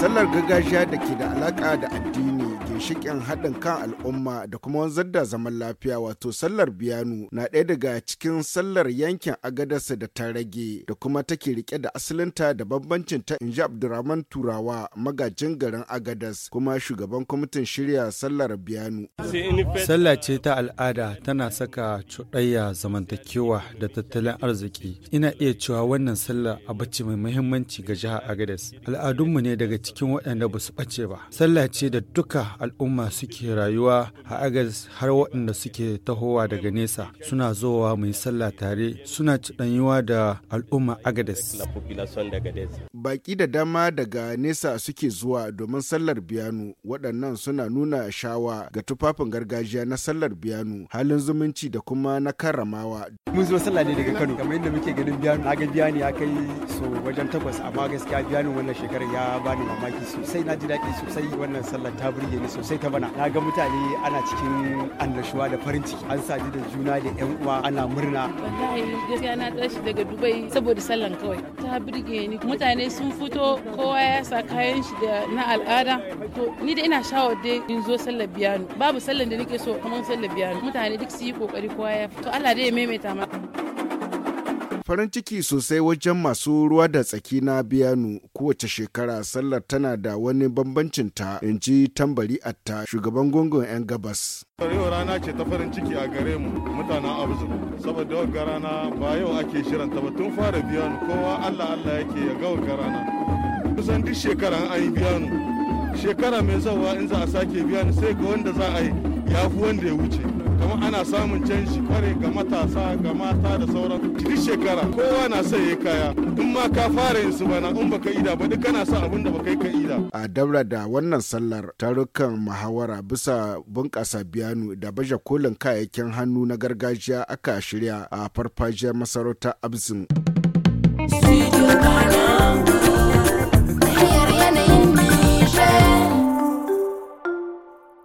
sallar gargajiya da ke da alaƙa da addini ginshikin haɗin kan al'umma da kuma wanzar da zaman lafiya wato sallar biyanu na ɗaya daga cikin sallar yankin agadarsa da ta rage da kuma take rike da asalinta da bambancin ta inji abdurrahman turawa magajin garin agadas kuma shugaban kwamitin shirya sallar biyanu. sallah ce ta al'ada tana saka cuɗayya zamantakewa da tattalin arziki ina iya cewa wannan sallar ce mai muhimmanci ga jihar agadas al'adunmu ne daga cikin waɗanda ba su ɓace ba sallah ce da duka al'umma al'umma suke rayuwa a agas har waɗanda suke tahowa daga nesa suna zowa mai sallah tare suna ciɗanyuwa da al'umma agades baƙi da dama daga nesa suke zuwa domin sallar biyanu waɗannan suna nuna shawa ga tufafin gargajiya na sallar biyanu halin zumunci da kuma na karramawa mun zo sallah ne daga kano kamar yadda muke ganin biyanu na ga biyani ya kai so wajen takwas amma gaskiya biyanu wannan shekarar ya bani mamaki sosai na ji daɗi sosai wannan sallar ta burge ni sosai ta bana na ga mutane ana cikin annashuwa da farin ciki an saji da juna da yan uwa ana murna wallahi gaskiya na tashi daga dubai saboda sallan kawai ta birge ni mutane sun fito kowa ya sa kayan shi da na al'ada to ni da ina shawar dai in zo sallar biyanu babu sallan da nake so kamar sallar biyanu mutane duk su yi kokari kowa ya to Allah dai ya maimaita maka farin ciki sosai wajen masu ruwa da tsaki na biyanu kowace shekara sallar tana da wani bambancin ta in ji tambari atta shugaban gungun 'yan gabas. Yau rana ce ta farin ciki a gare mu mutanen Abzu saboda wagga rana ba yau ake shirin ta ba tun fara biyan kowa Allah Allah yake ya ga wagga rana. Kusan duk shekara an yi biyanu shekara mai zawa in za a sake biyanu sai ga wanda za a yi ya fi wanda ya wuce kuma ana samun canji kware ga matasa ga mata da sauran duk shekara kowa na sa ya kaya in ma ka fara yin su bana in baka ida ba duk kana sa abin da baka yi ka ida a daura da wannan sallar tarukan muhawara bisa bunƙasa biyanu da baje kolin kayayyakin hannu na gargajiya aka shirya a farfajiyar masarautar abzin Studio